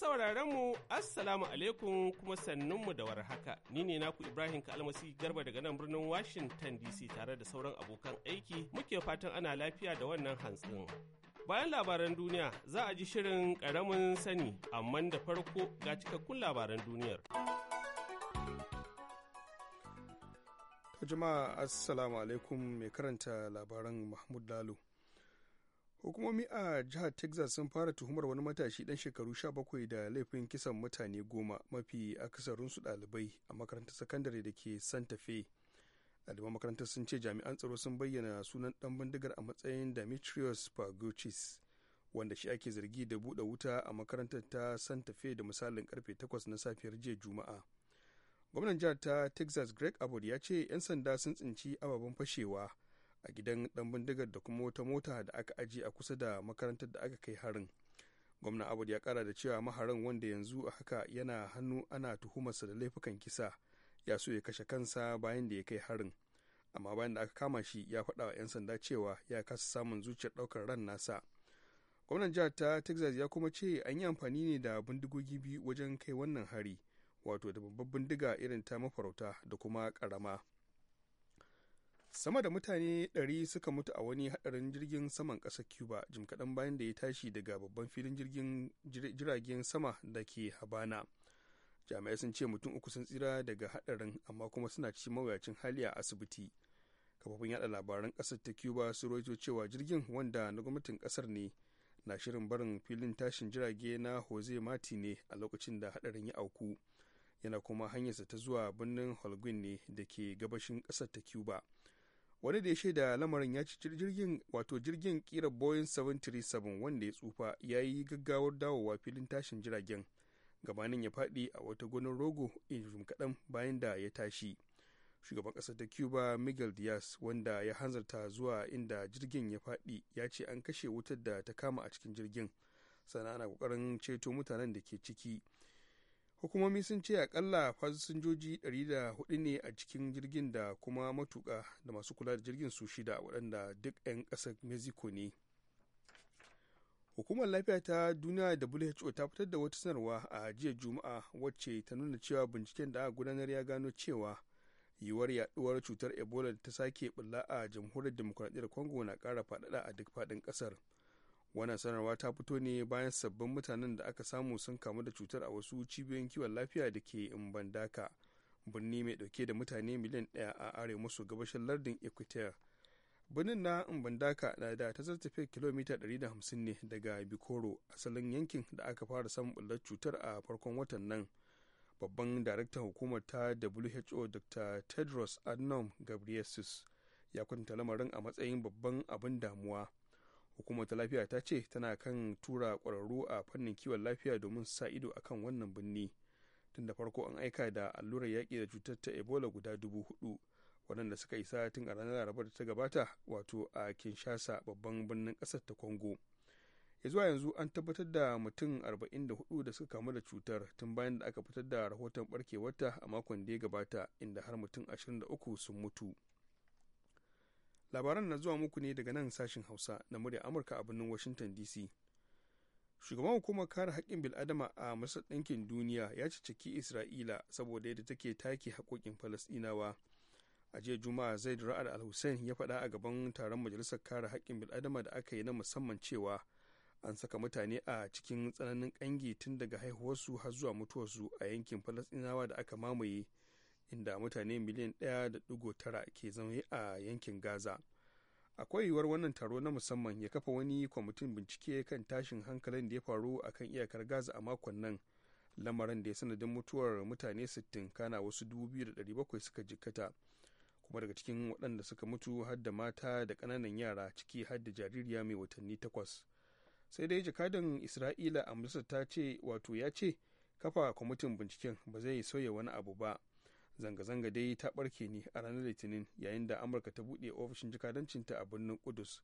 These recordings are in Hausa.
sauraron mu Assalamu alaikum kuma sannun mu da warhaka. Ni ne naku Ibrahim Kalmasi Garba daga nan birnin Washington DC tare da sauran abokan aiki muke fatan ana lafiya da wannan hantsin. Bayan labaran duniya za a ji shirin karamin sani amma da farko ga cikakkun labaran duniyar. Jama'a Assalamu alaikum mai karanta labaran Mahmud lalu. hukumomi a jihar texas sun fara tuhumar wani matashi dan shekaru 17 da laifin kisan mutane goma mafi akasarinsu dalibai a makarantar sakandare da ke santa fe ɗaliban makarantar sun ce jami'an tsaro sun bayyana sunan ɗan bindigar a matsayin demetrius pagochis wanda shi ake zargi da buɗe wuta a makarantar ta santa fe da misalin karfe 8 na safiyar jiya juma'a gwamnan jihar ta texas greg abbott ya ce 'yan sanda sun tsinci ababen fashewa a gidan dan bindigar da kuma wata mota da aka ajiye a kusa da makarantar da aka kai harin gwamna abud ya kara da cewa maharin wanda yanzu a haka yana hannu ana tuhumarsa da laifukan kisa ya so ya kashe kansa bayan da ya kai harin amma bayan da aka kama shi ya faɗa wa 'yan sanda cewa ya kasa samun zuciyar ɗaukar ran nasa gwamnan jihar ta texas ya kuma ce an yi amfani ne da bindigogi biyu wajen kai wannan hari wato da babbar bindiga irin ta mafarauta da kuma ƙarama sama da mutane 100 suka mutu a wani hadarin jirgin saman kasar cuba jim kaɗan bayan da ya tashi daga babban filin jirgin jiragen sama da ke habana jami'ai sun ce mutum uku sun tsira daga hadarin amma kuma suna ci mawuyacin hali a asibiti kafofin yada labaran ƙasar ta cuba su rojo cewa jirgin wanda na gwamnatin ƙasar ne na shirin barin filin tashin jirage na jose mati ne a lokacin da hadarin ya auku yana kuma hanyarsa ta zuwa birnin holguin ne da ke gabashin ƙasar ta cuba wani da ya shaida lamarin ya ci jirgin wato jirgin kira boeing 737 wanda ya tsufa ya yi gaggawar dawowa filin tashin jiragen gabanin ya faɗi a wata gonar rogo in injin kaɗan bayan da ya tashi shugaban ƙasar ta cuba miguel diaz wanda ya hanzarta zuwa inda jirgin ya faɗi ya ce an kashe wutar da ta kama a cikin jirgin sannan ana ƙoƙarin ceto mutanen da ke ciki hukumomi sun ce akalla fasinjoji 104 ne a cikin jirgin da kuma matuka da masu kula da jirgin su shida waɗanda duk 'yan ƙasar mexico ne hukumar lafiya ta duniya da who ta fitar da wata sanarwa a jiya juma'a wacce ta nuna cewa binciken da aka gudanar ya gano cewa yiwuwar yaduwar cutar ebola da ta sake bulla a jamhuriyar demokuraɗiyyar congo na ƙara faɗaɗa a duk faɗin ƙasar wannan sanarwa ta fito ne bayan sabbin mutanen da aka samu sun kamu da cutar a wasu cibiyoyin kiwon lafiya da ke mbandaka birni mai dauke da mutane miliyan daya a arewa maso gabashin lardin equateur birnin na mbandaka na da ta zartafe kilomita 150 ne daga bikoro asalin yankin da aka fara samun bullar cutar a farkon watan nan babban daraktan hukumar ta who dr tedros adnom gabriel ya kwanta lamarin a matsayin babban abin damuwa hukumar ta lafiya ta ce tana kan tura kwararru a fannin kiwon lafiya domin sa ido a kan wannan birni tun da farko an aika da allurar yaƙi da cutar ta ebola guda dubu hudu waɗanda suka isa tun a ranar laraba da ta gabata wato a kinshasa babban birnin ƙasar ta congo ya zuwa yanzu an tabbatar da mutum arba'in da hudu da suka kamu da cutar tun bayan da aka fitar da rahoton barkewarta a makon da ya gabata inda har mutum ashirin da uku sun mutu labaran na zuwa muku ne daga nan sashin hausa na murya amurka a birnin washington dc shugaban hukumar kare haƙƙin bil'adama a masar ɗinkin duniya ya ciciki isra'ila saboda yadda take take haƙoƙin falasɗinawa a jiya juma'a zaid ra'ad al-hussein ya faɗa a gaban taron majalisar kare haƙƙin bil'adama da aka yi na musamman cewa an saka mutane a cikin tsananin ƙangi tun daga haihuwarsu har zuwa mutuwarsu a yankin falasɗinawa da aka mamaye inda mutane miliyan 1.9 ke zaune a yankin gaza akwai yiwuwar wannan taro na musamman ya kafa wani kwamitin bincike kan tashin hankalin da ya faru a kan iyakar gaza a makon nan lamarin da ya sanadin mutuwar mutane 60 kana wasu 2,700 suka jikkata kuma daga cikin waɗanda suka mutu har da mata da ƙananan yara ciki har da jaririya mai watanni takwas sai dai jakadan isra'ila a ta ce wato ya ce kafa kwamitin binciken ba zai sauya wani abu ba zanga-zanga dai ta barke ne a ranar litinin yayin da amurka ta buɗe ofishin jikadancinta a birnin kudus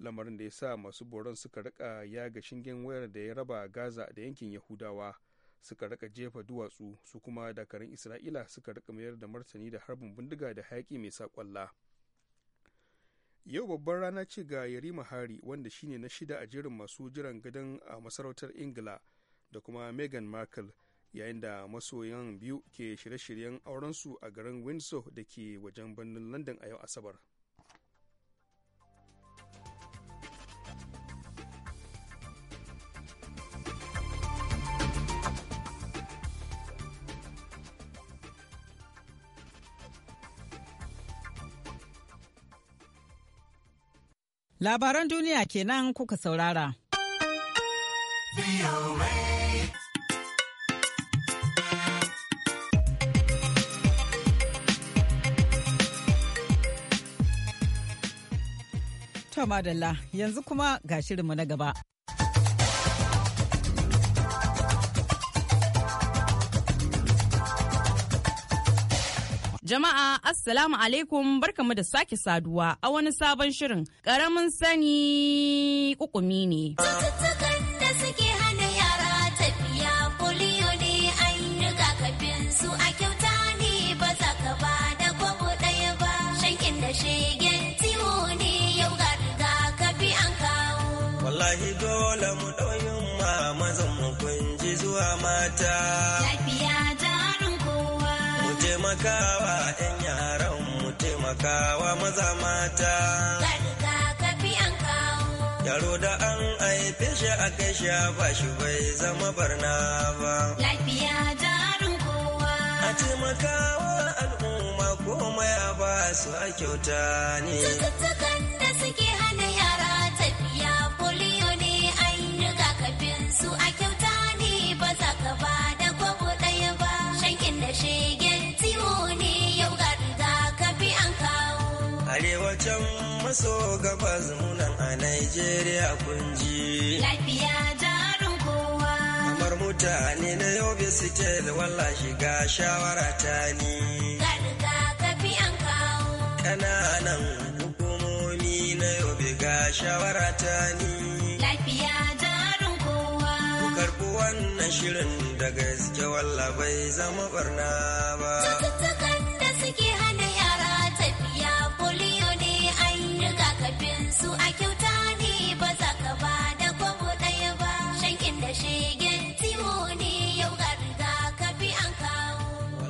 lamarin da ya sa masu boron suka rika yaga shingen wayar da ya raba gaza da yankin yahudawa suka rika jefa duwatsu su kuma dakarun isra'ila suka rika mayar da martani da harbin bindiga da hayaki mai sakwalla yau babbar rana ce ga yarima hari wanda shine na shida a jerin masu jiran gadon a masarautar ingila da kuma megan markle yayin da masoyan biyu ke shirye-shiryen aurensu a garin windsor da ke wajen birnin london a yau asabar Labaran duniya kenan kuka saurara. madalla yanzu kuma ga shirinmu na gaba. Jama'a Assalamu alaikum barkamu da sake saduwa a wani sabon shirin ƙaramin sani kukumi ne. suke mata. Lafiya jarin kowa. Mu taimakawa 'yan yaran mu taimakawa maza mata. Rigakafi an kawo. Yaro da an haife shi a kai shi ba shi bai zama barna ba. Lafiya jarin kowa. A taimakawa al'umma komai a ba su a kyauta ne. Cututtukan da suke so gabas munan a Nigeria kunji. Lafiya jarin kowa. Kamar mutane na Yobe Sitel walla shiga shawara ta ni. ka fi an kawo. Kananan hukumomi na Yobe ga shawara ta ni. Lafiya jarin kowa. Ku karɓi wannan shirin da gaske walla bai zama barna ba. su a ne ba da kwabo ɗaya ba shankin da ne yau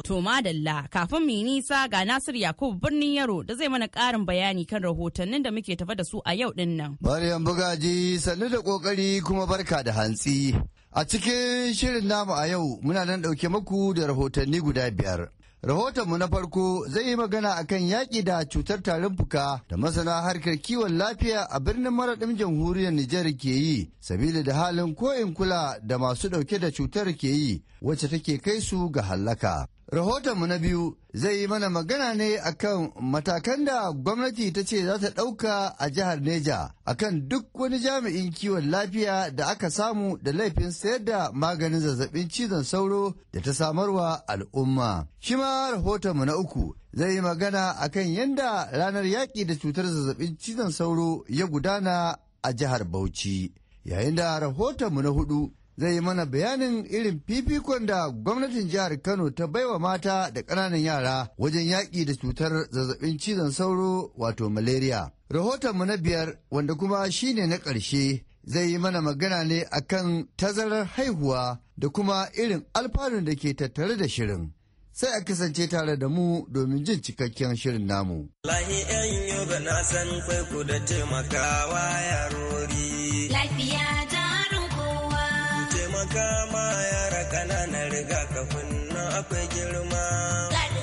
To madalla kafin mu nisa ga Nasir Yakubu birnin Yaro da zai mana ƙarin bayani kan rahotannin da muke tafa da su a yau din nan. Maryam Bugaji sannu da ƙoƙari kuma barka da hantsi. A cikin shirin namu a yau muna nan ɗauke maku da rahotanni guda biyar. Rahotonmu na farko zai yi magana a kan yaƙi da cutar tarin fuka da masana harkar kiwon lafiya a birnin maraɗin jamhuriyar Nijar ke yi, sabili da halin ko'in kula da masu ɗauke da cutar ke yi, wacce take kai su ga hallaka. Rahotonmu na biyu zai yi mana magana ne akan matakan da gwamnati ta ce za ta ɗauka a jihar Neja akan duk wani jami'in kiwon lafiya da aka samu da laifin sayar da maganin zazzabin cizon sauro da ta samarwa al'umma. Shima ma rahotonmu na uku zai yi magana akan yadda ranar yaƙi da cutar zazzabin cizon sauro ya gudana a jihar Bauchi. Yayin da rahotonmu na hudu zai yi mana bayanin irin fifikon da gwamnatin jihar Kano ta baiwa mata da ƙananan yara wajen yaƙi da cutar zazzabin cizon sauro wato malaria. Rahotonmu na biyar wanda kuma shi ne na ƙarshe zai yi mana magana ne akan tazarar haihuwa da kuma irin alfanun da ke tattare da shirin. sai a kasance tare da mu domin jin cikakken shirin namu. Lafiya. kama yara ƙananan rigakafin nan akwai girma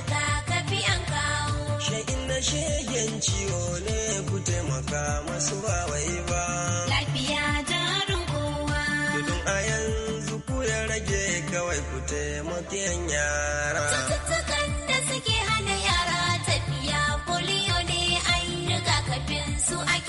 ga kafi an kawo sha'in na shegen ciwo ne ku taimaka masu ba wai ba lafiya jarin kowa gudun a yanzu ku ya rage kawai ku taimaki yara da suke hana yara tafiya polio ne an rigakafin su ake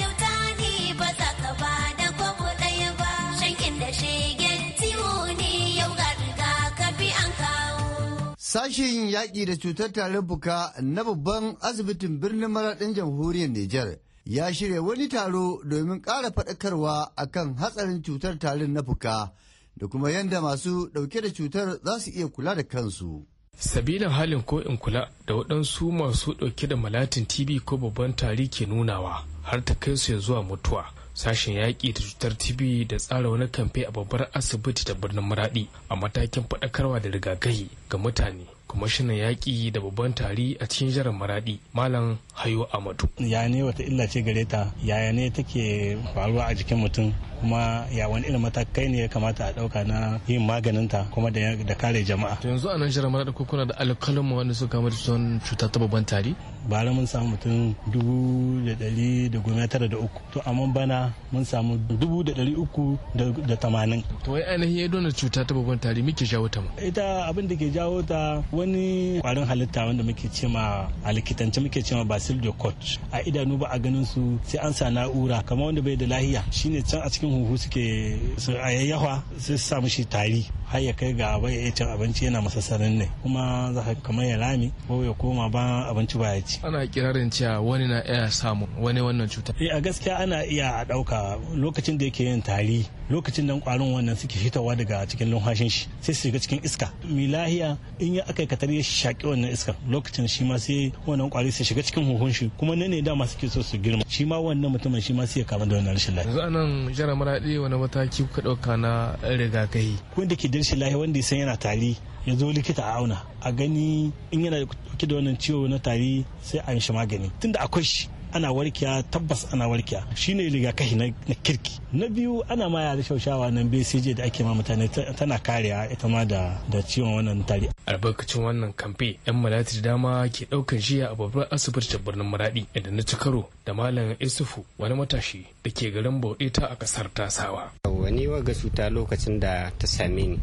Sashin yaƙi da cutar tarin fuka na babban asibitin birnin maraɗin jamhuriyar Nijar ya shirya wani taro domin ƙara faɗakarwa a kan hatsarin cutar tarin na fuka da kuma yadda masu ɗauke da cutar za su iya kula da kansu. Sabilin halin ko in kula da waɗansu masu ɗauke da malatin TB ko babban tari ke nunawa har ta kai su ya zuwa mutuwa. sashen yaƙi da cutar tb da tsara wani kamfe a babbar asibiti da birnin maraɗi a matakin faɗakarwa da rigakafi ga mutane kwamishinan yaƙi da babban tari a cikin jiran maraɗi malam hayo amadu ya ne wata illa ce gare ta yaya ne take faruwa a jikin mutum kuma ya wani irin matakai ne ya kamata a ɗauka na yin maganin ta kuma da kare jama'a. To yanzu a nan shirin mana da kuna da alƙalin wanda su kama da cuta ta babban tari? Bara mun samu mutum dubu da ɗari da goma tara da uku. To amma bana mun samu dubu da ɗari uku da tamanin. To wai ainihin ya dona cuta ta babban tari muke jawo ta ma? Ita abin da ke jawo ta wani kwarin halitta wanda muke cema a likitance muke cema basil de coach a idanu ba a ganin su sai an sa na'ura kamar wanda bai da lahiya shine can a cikin huhu suke su yayyafa sai su sa shi tari har ya kai ga bai ya cin abinci yana masasarin ne kuma za ka kamar ya rami ko ya koma ba abinci ba ya ci ana kirarin cewa wani na iya samu wani wannan cuta eh a gaskiya ana iya a dauka lokacin da yake yin tari lokacin da kwarin wannan suke fitowa daga cikin lumfashin shi sai su shiga cikin iska mi lahiya in ya aka katar ya shaki wannan iska lokacin shi ma sai wannan kwari su shiga cikin huhun shi kuma ne ne dama suke so su girma shi ma wannan mutumin shi ma sai ya kama da wannan rashin lafiya yanzu anan jara maradi wani mataki kuka dauka na rigakafi ko da ke da shi lahi wanda ya san yana tari ya zo likita a auna a gani in yana dauke da wannan ciwo na tari sai an shi magani tunda akwai shi ana warkiya tabbas ana warkiya shine rigakafi na kirki na biyu ana ma yara shaushawa nan bcg da ake ma mutane tana kariya ita ma da da ciwon wannan tari albarkacin wannan kamfe yan malati da dama ke daukan jiya a babbar ta birnin maradi inda na ci karo da malam isufu wani matashi da ke garin bauɗe ta a kasar tasawa wani waga cuta lokacin da ta same ni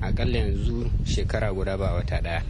akalla yanzu shekara guda ba wata daya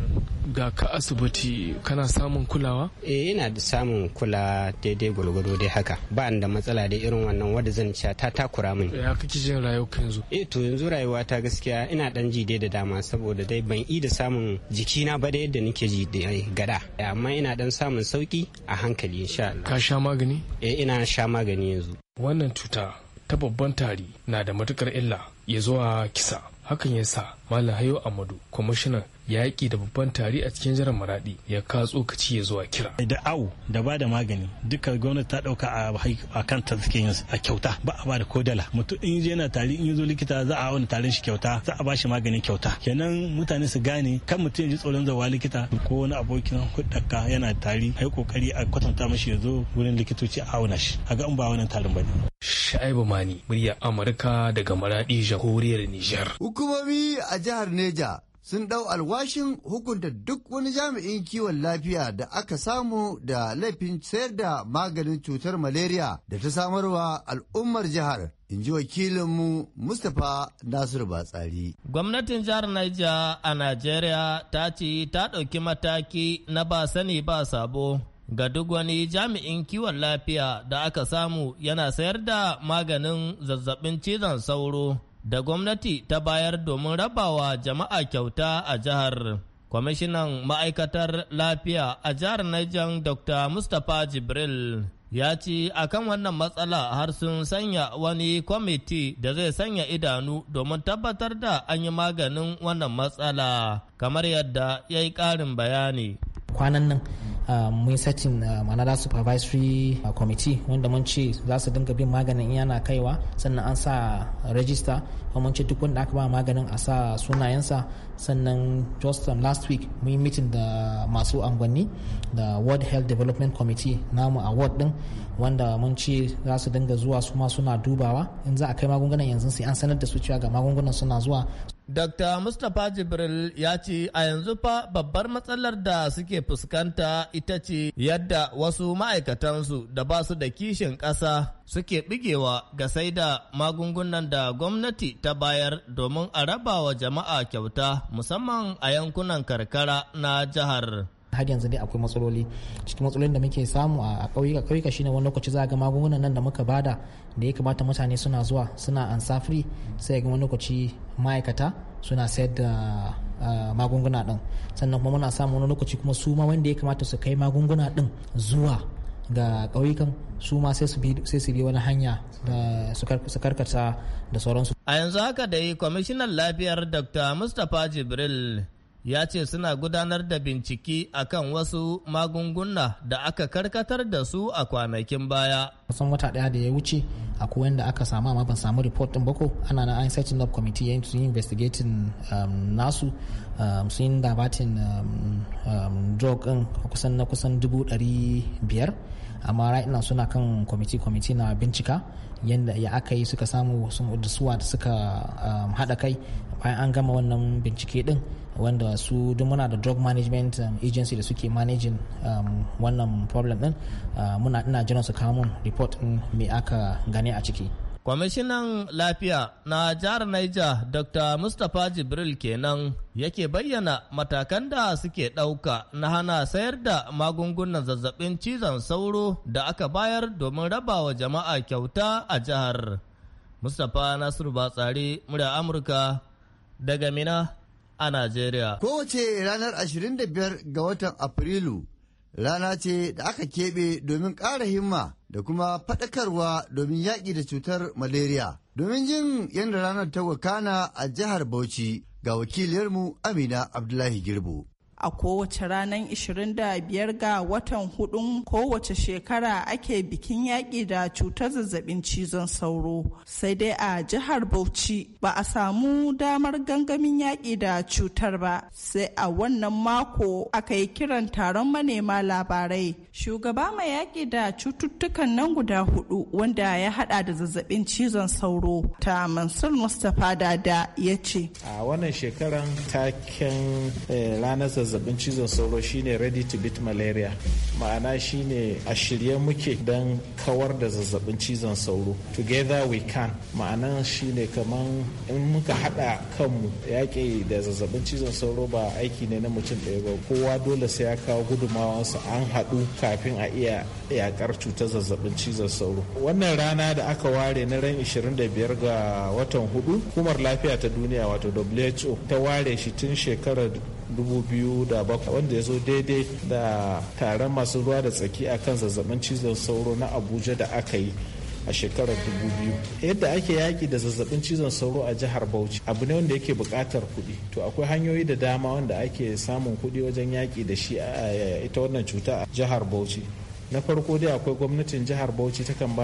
ga ka asibiti kana samun kulawa? eh ina da samun kula daidai gwalgwado dai haka ba da matsala da irin wannan wadda zan sha ta takura min ya kake jin rayuwa yanzu e to yanzu rayuwa ta gaskiya ina dan ji da dama saboda dai ban yi da samun jikina ba da yadda nake ji da gada amma ina dan samun sauki a hankali insha Allah ka sha magani e ina sha magani yanzu wannan cuta ta babban tari na da matukar illa ya zuwa kisa 黑颜色。Malam Hayo Amadu kwamishinan yaƙi da babban tari a cikin jiran maraɗi ya ka tsokaci ya zuwa kira. Da au da ba da magani duka gwamnati ta ɗauka a kan ta suke yin a kyauta ba a ba da ko dala mutum in je na tari in zo likita za a wani tarin shi kyauta za a ba shi magani kyauta kenan mutane su gane kan mutum ji tsoron zawa likita ko wani abokin hudaka yana tari a yi kokari a kwatanta mashi ya zo wurin likitoci a auna shi a ga in ba wannan tarin ba ne. Sha'ibu Mani, murya Amurka daga maraɗi jahoriyar Nijar. Hukumomi a jihar Neja sun ɗau alwashin hukunta duk wani jami'in kiwon lafiya da aka samu da laifin sayar da maganin cutar malaria da ta samarwa al'ummar jihar in ji wakilinmu mustapha nasiru batsari gwamnatin jihar Naija a Najeriya, ta ce ta ɗauki mataki na ba sani ba sabo ga duk wani jami'in kiwon lafiya da aka samu yana sayar da maganin zazzabin cizon sauro da gwamnati ta bayar domin rabawa jama'a kyauta a jihar. Kwamishinan ma'aikatar lafiya a jihar Niger Dr. Mustapha Jibril ya ce a kan wannan matsala har sun sanya wani kwamiti da zai sanya idanu domin tabbatar da an yi maganin wannan matsala kamar yadda ya yi ƙarin bayani. Kwanan nan Um, mun satin manada um, supervisory uh, committee wanda mun ce za su dinga bin maganin yana kaiwa sannan an sa register mun ce duk wanda aka ba maganin a sa sunayensa sannan just um, last week mun yi meeting da masu angwanni da world health development committee namu a ward din wanda mun ce za su dinga zuwa su ma suna dubawa in za a kai magungunan yanzu sai an sanar da su cewa ga magungunan suna zuwa Dr. Mustapha Jibril ya ce a yanzu fa babbar matsalar da suke fuskanta ita ce yadda wasu ma'aikatansu da ba su da kishin ƙasa suke bigewa ga sai da magungunan da gwamnati ta bayar domin a raba wa jama'a kyauta musamman a yankunan karkara na jihar. har yanzu dai akwai matsaloli cikin matsalolin da muke samu a ƙauyuka ƙauyuka shine wani lokaci za ga magungunan nan da muka bada da ya kamata mutane suna zuwa suna ansa free sai ga wani lokaci ma'aikata suna sayar da magunguna din sannan kuma muna samun wani lokaci kuma su ma wanda ya kamata su kai magunguna din zuwa ga ƙauyukan su ma sai su bi wani hanya da su karkata da sauransu. A yanzu haka dai kwamishinan lafiyar Dr. Mustapha Jibril ya ce suna gudanar da bincike akan wasu magunguna da aka karkatar da su a kwanakin baya. kusan wata daya da ya wuce a akwai da aka samu amma ban samu report din bako ana na an setting up committee yayin yi investigating um, nasu um, sun yi dabatin um, drug din kusan na kusan dubu dari biyar amma right now suna kan committee committee na bincika yadda ya aka yi suka samu dasuwa da suka haɗa kai bayan an gama wannan bincike din wanda su duk muna da drug management um, agency da suke managing um, wannan problem din uh, muna ina jiran su kamun report din me aka gane a ciki Kwamishinan Lafiya na jihar Niger Dr. Mustapha Jibril kenan yake bayyana matakan da suke ɗauka na hana sayar da magungunan zazzabin cizon sauro da aka bayar domin rabawa jama'a kyauta a jihar. Mustapha Nasiru Batsari, murya Amurka, daga Mina a Najeriya. Kowace ranar 25 ga watan Afrilu rana ce da aka keɓe domin ƙara himma da kuma faɗakarwa domin yaƙi da cutar malaria. Domin jin yadda ranar ta wakana a jihar Bauchi ga wakiliyarmu Amina Abdullahi Girbo. a kowace ranar 25 ga watan hudun kowace shekara ake bikin yaƙi da cutar zazzabin cizon sauro sai dai a jihar bauchi ba a samu damar gangamin yaƙi da cutar ba sai a wannan mako aka yi kiran taron manema labarai shugaba mai yaƙi da cututtukan nan guda hudu wanda ya hada da zazzabin cizon sauro ta mansur mustapha dada ya ce a wannan shekaran taken eh, ranar zazzabin cizon sauro shine ready to beat malaria ma'ana shine a shirye muke don kawar da zazzabin cizon sauro together we can ma'ana shine kamar in muka hada kanmu yaƙi da zazzabin cizon sauro ba aiki ne na mutum ɗaya ba kowa dole sai ya kawo gudunmawarsa an haɗu kafin a iya yaƙar cutar zazzabin cizon sauro wannan rana da aka ware na ran 25 ga watan hudu hukumar lafiya ta duniya wato who ta ware shi tun shekarar 2007 wanda ya zo daidai da taron masu ruwa da tsaki a kan zazzabin cizon sauro na abuja da aka yi a shekarar 2000 yadda ake yaƙi da zazzabin cizon sauro a jihar bauchi abu ne wanda yake buƙatar kuɗi to akwai hanyoyi da dama wanda ake samun kuɗi wajen yaƙi da shi a ita wannan cuta a jihar bauchi na farko dai akwai gwamnatin jihar bauchi ta kan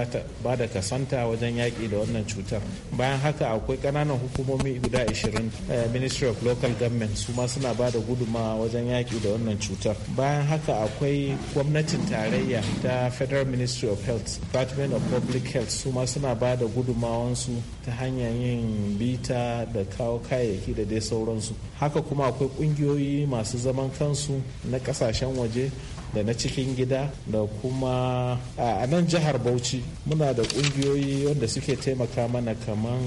ba da kasanta wajen yaƙi da wannan cutar bayan haka akwai ƙananan hukumomi guda 20 eh, ministry of local government su ma suna ba da guduma wajen yaƙi da wannan cutar bayan haka akwai gwamnatin tarayya ta federal ministry of health department of public health su ma suna ba da gudumawansu ta hanyar yin bita da kawo kayayyaki da dai sauransu haka kuma akwai ƙungiyoyi masu zaman kansu na ƙasashen waje da na cikin gida da kuma a nan jihar bauchi muna da kungiyoyi wanda suke taimaka mana kaman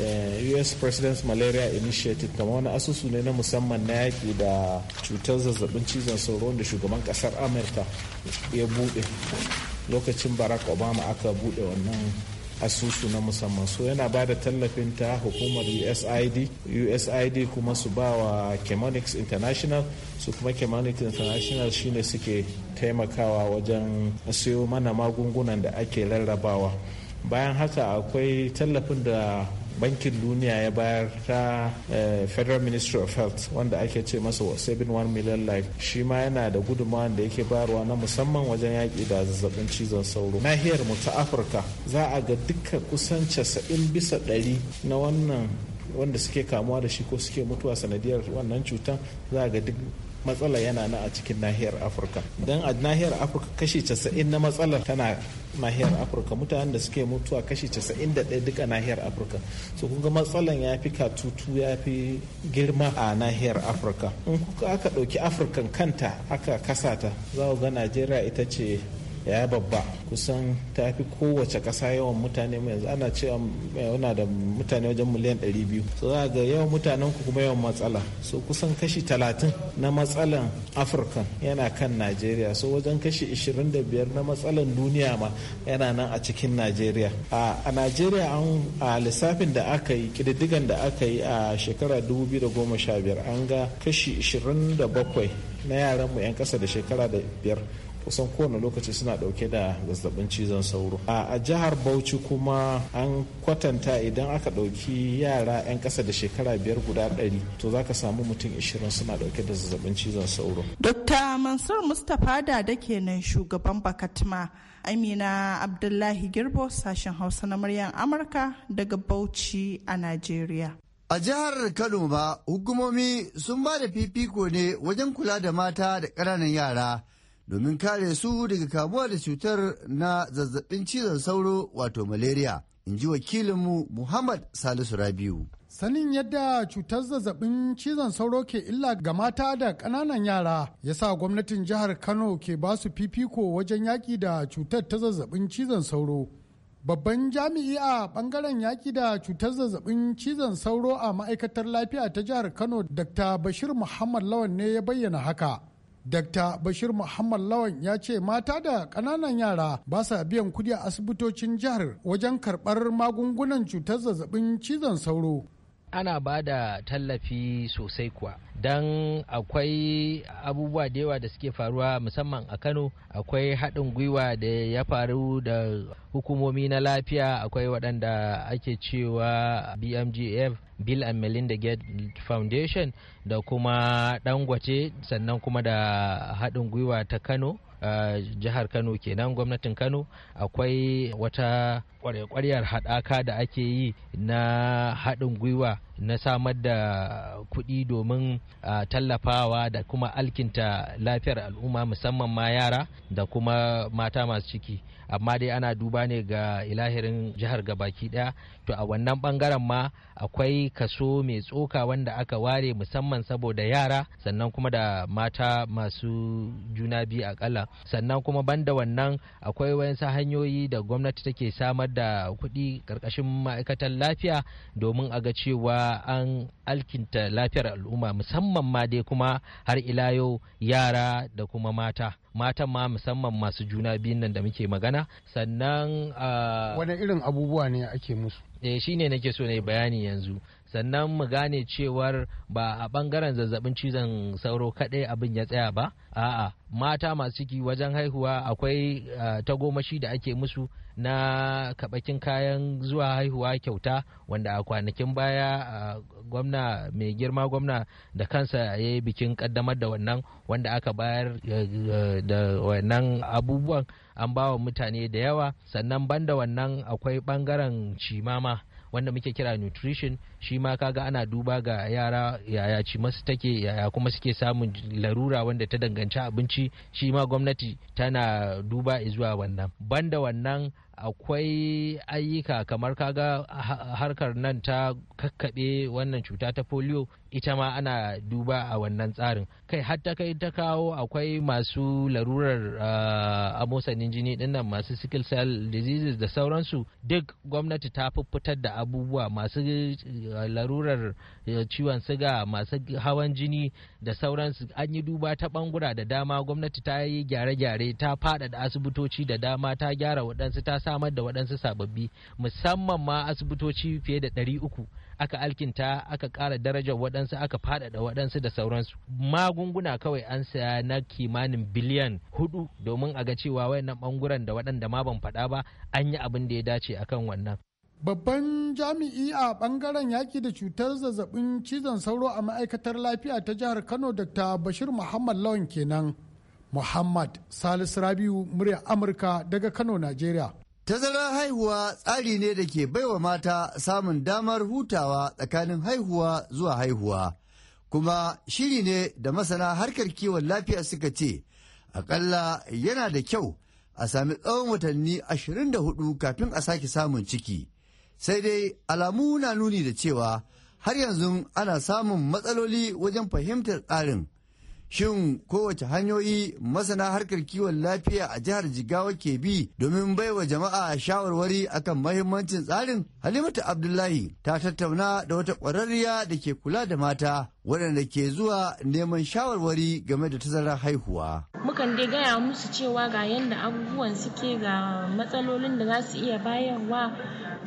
eh, us president's malaria initiative kamar wani asusu ne na musamman na yaki da cutar zazzabin cizon sauro da shugaban kasar amurka ya bude lokacin barack obama aka bude wannan asusu na musamman su yana ba da tallafin ta hukumar usid usid kuma su ba wa chemonics international su kuma chemonics international shine suke taimakawa wajen siyo mana magungunan da ake rarrabawa bayan haka akwai tallafin da bankin duniya ya bayar ta eh, federal ministry of health wanda ake ce masa saving one million life shi ma yana da gudunmawa da yake bayarwa na musamman wajen yaƙi da zazzabin cizon sauro nahiyar mu ta afirka za a ga duka kusan 90 bisa ɗari na wannan wanda suke kamuwa da shi ko suke mutuwa sanadiyar wannan cutan za a ga duk matsala yana na a cikin nahiyar afirka don a nahiyar afirka kashi casa'in na matsalar tana nahiyar afirka mutanen da suke mutuwa kashi casa'in da ɗaya duka nahiyar afirka so kuka matsalan ya fi katutu ya fi girma a nahiyar afirka in kuka aka ɗauki afirkan kanta aka kasata za ga najeriya ita ce ya babba kusan ta fi kowace ƙasa yawan mutane mu yanzu ana cewa yana eh, da mutane wajen miliyan 200 so za ga yawan mutanen ku kuma yawan matsala so kusan kashi 30 na matsalan afirka yana kan najeriya so wajen kashi 25 na matsalan duniya ma yana nan a cikin najeriya a najeriya an a lissafin da aka yi kididdigan da aka yi a shekara 2015 an ga kashi 27 na yaran mu 'yan ƙasa da shekara da biyar kusan kowane lokaci suna dauke da zazzabin cizon sauro a jihar bauchi kuma an kwatanta idan aka dauki yara 'yan kasa da shekara biyar guda ɗari to zaka samu mutum ishirin suna dauke da zazzabin cizon sauro dr mansur mustapha da da kenan shugaban bakatma amina abdullahi girbo sashen hausa na muryan amurka daga bauchi a najeriya A jihar Kano ba, hukumomi sun ba da fifiko ne wajen kula da mata da ƙananan yara domin kare su daga kamuwa da cutar na zazzabin cizon sauro wato malaria in ji wakilinmu muhammad salisu rabiu sanin yadda cutar zazzabin cizon sauro ke illa ga mata da ƙananan yara ya sa gwamnatin jihar kano ke ba su fifiko wajen yaƙi da cutar ta zazzabin cizon sauro babban jami'i a bangaren yaƙi da cutar zazzabin cizon sauro a ma'aikatar lafiya ta jihar kano dr bashir muhammad lawan ne ya bayyana haka Dr. Bashir Muhammad Lawan ya ce mata da ƙananan yara ba sa biyan kudi a asibitocin jihar wajen karɓar magungunan cutar zazzabin cizon sauro. Ana ba da tallafi sosai kuwa. don akwai abubuwa da yawa da suke faruwa musamman a kano akwai haɗin gwiwa da ya faru da hukumomi na lafiya akwai waɗanda ake cewa bmgf bill and melinda gates foundation da kuma dangwace sannan kuma da haɗin gwiwa ta kano Uh, jihar kano kenan gwamnatin kano akwai wata kwarya-kwaryar haɗaka da ake yi na haɗin gwiwa na samar da kuɗi domin tallafawa da kuma alkinta lafiyar al'umma musamman ma yara da kuma mata masu ciki amma dai ana duba ne ga ilahirin jihar gabaki ɗaya to a wannan ɓangaren ma akwai kaso mai tsoka wanda aka ware musamman saboda yara sannan kuma da mata masu juna biyu akalla sannan kuma banda wannan akwai wayansu hanyoyi da gwamnati take samar da kuɗi ƙarƙashin ma'aikatan lafiya domin a ga cewa an alkinta lafiyar al'umma musamman ma dai kuma har ila yau yara da kuma mata matan ma musamman masu juna biyun nan da muke magana sannan ah, wani irin abubuwa ne ake musu eh shine nake so ne bayani yanzu sannan mu gane cewar ba a bangaren zazzabin cizon sauro kaɗai abin ya tsaya ba a'a mata masu ciki wajen haihuwa akwai tagomashi da ake musu na kabakin kayan zuwa haihuwa kyauta wanda a kwanakin baya gwamna mai girma gwamna da kansa ya yi bikin kaddamar da wannan wanda aka bayar da wannan abubuwan an bawa mutane da yawa sannan banda wannan akwai bangaren cimama wanda muke kira nutrition shi ma kaga ana duba ga yara yaya ci masu take yaya kuma suke samun larura wanda ta danganci abinci shi ma gwamnati tana duba zuwa wannan banda wannan akwai ayyuka kamar kaga harkar nan ta kakkaɓe wannan cuta ta polio ita ma ana duba a wannan tsarin kai hatta kai ta kawo akwai masu larurar ah, amosanin jini dinnan masu sickle cell diseases da sauransu duk gwamnati ta fitar da abubuwa masu ah, larurar ah, ciwon siga masu hawan jini da sauransu an yi duba ta bangura da dama gwamnati ta yi gyare-gyare ta faɗaɗa asibitoci da dama ta gyara waɗansu ta samar da waɗansu sababbi musamman ma asibitoci fiye da ɗari uku aka alkinta aka kara darajar waɗansu aka faɗaɗa waɗansu da sauransu magunguna kawai an saya na kimanin biliyan hudu domin a ga cewa wayannan ɓanguren da waɗanda ma ban faɗa ba an yi abin da ya dace akan wannan Babban jami'i a ɓangaren yaƙi da cutar zazzabin cizon sauro a ma'aikatar lafiya ta jihar Kano Dr. Bashir Muhammad Lawan kenan. Muhammad Salisu Rabiu murya Amurka daga Kano, nigeria. Tazarar haihuwa tsari ne da ke baiwa mata samun damar hutawa tsakanin haihuwa zuwa haihuwa, kuma shiri ne da masana harkar kiwon lafiya suka ce, akalla yana da kyau a sami tsawon watanni 24 kafin a sake samun ciki. Sai dai alamu na nuni da cewa har yanzu ana samun matsaloli wajen fahimtar tsarin. Shin kowace hanyoyi masana harkar kiwon lafiya a jihar Jigawa ke bi domin baiwa jama'a shawarwari akan mahimmancin tsarin? Halimatu Abdullahi ta tattauna da wata ƙwararriya da ke kula da mata waɗanda ke zuwa neman shawarwari game da tazarar haihuwa. Mukan dai gaya musu cewa ga yadda abubuwan suke ga matsalolin da za su iya bayarwa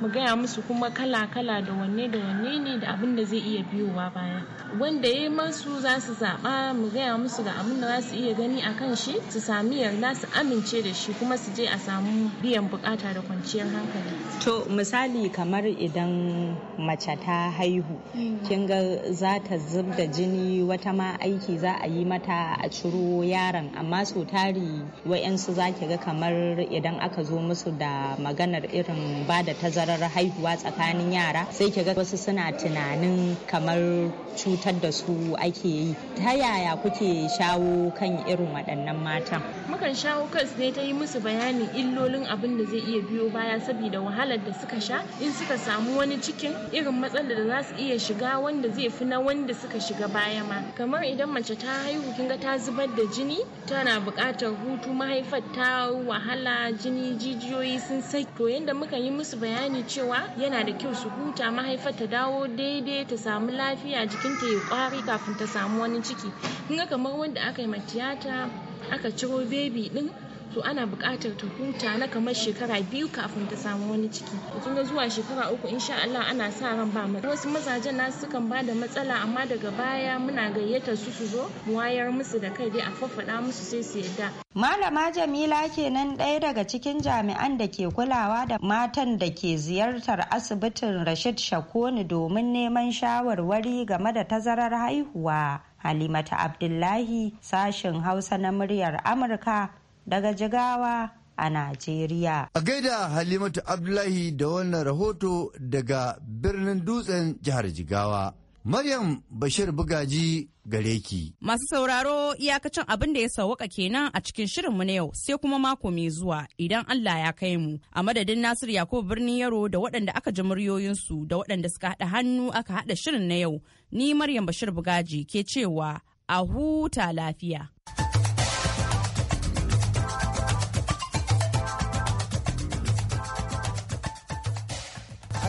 mu gaya musu kuma kala-kala da wanne da wanne ne da abin da zai iya biyowa baya. Wanda ya yi masu za su zaɓa mu gaya musu ga abin da za su iya gani a kan shi su sami yarda su amince da shi kuma su je a samu biyan bukata da kwanciyar hankali. To misali kamar idan mace ta haihu mm. kin ga za ta zuba da jini wata ma aiki za a yi mata a ciro yaron amma so tari wa'yansu za ki ga kamar idan aka zo musu da maganar irin ba da tazarar haihuwa tsakanin yara sai ki ga wasu suna tunanin kamar cutar da su ake yi ta yaya kuke shawo kan irin waɗannan matan mukan shawo su ne ta yi musu bayanin illolin abin da zai iya biyo baya saboda wahalar da suka sha in suka samu wani cikin irin matsalar da za su iya shiga wanda zai fi na wanda suka shiga baya ma kamar idan mace ta haihu kinga ta zubar da jini tana buƙatar hutu mahaifar ta wahala jini jijiyoyi sun sai to yanda muka yi musu bayani cewa yana da kyau su huta mahaifar ta dawo daidai ta samu lafiya jikinta ya kwari kafin ta samu wani ciki kinga kamar wanda aka yi tiyata aka ciro bebi din to ana buƙatar ta huta na kamar shekara biyu kafin ta samu wani ciki kin ga zuwa shekara uku insha Allah ana sa ran ba mu wasu mazajen nasu sukan ba da matsala amma daga baya muna gayyatar su su zo mu wayar musu da kai dai a faffaɗa musu sai su yarda malama Jamila kenan ɗaya daga cikin jami'an da ke kulawa da matan da ke ziyartar asibitin Rashid Shakoni domin neman shawarwari game da tazarar haihuwa Halimata Abdullahi sashen Hausa na muryar Amurka daga Jigawa a Najeriya. A gaida Halimatu Abdullahi da wannan rahoto daga birnin dutsen jihar Jigawa. Maryam Bashir Bugaji gare ki. Masu sauraro iyakacin abin da ya sauwaka kenan a cikin shirin mu na yau sai kuma mako mai zuwa idan Allah ya kai mu. A madadin Nasir Yakubu birnin Yaro da waɗanda aka ji muryoyinsu da waɗanda suka haɗa hannu aka haɗa shirin na yau. Ni Maryam Bashir Bugaji ke cewa a huta lafiya.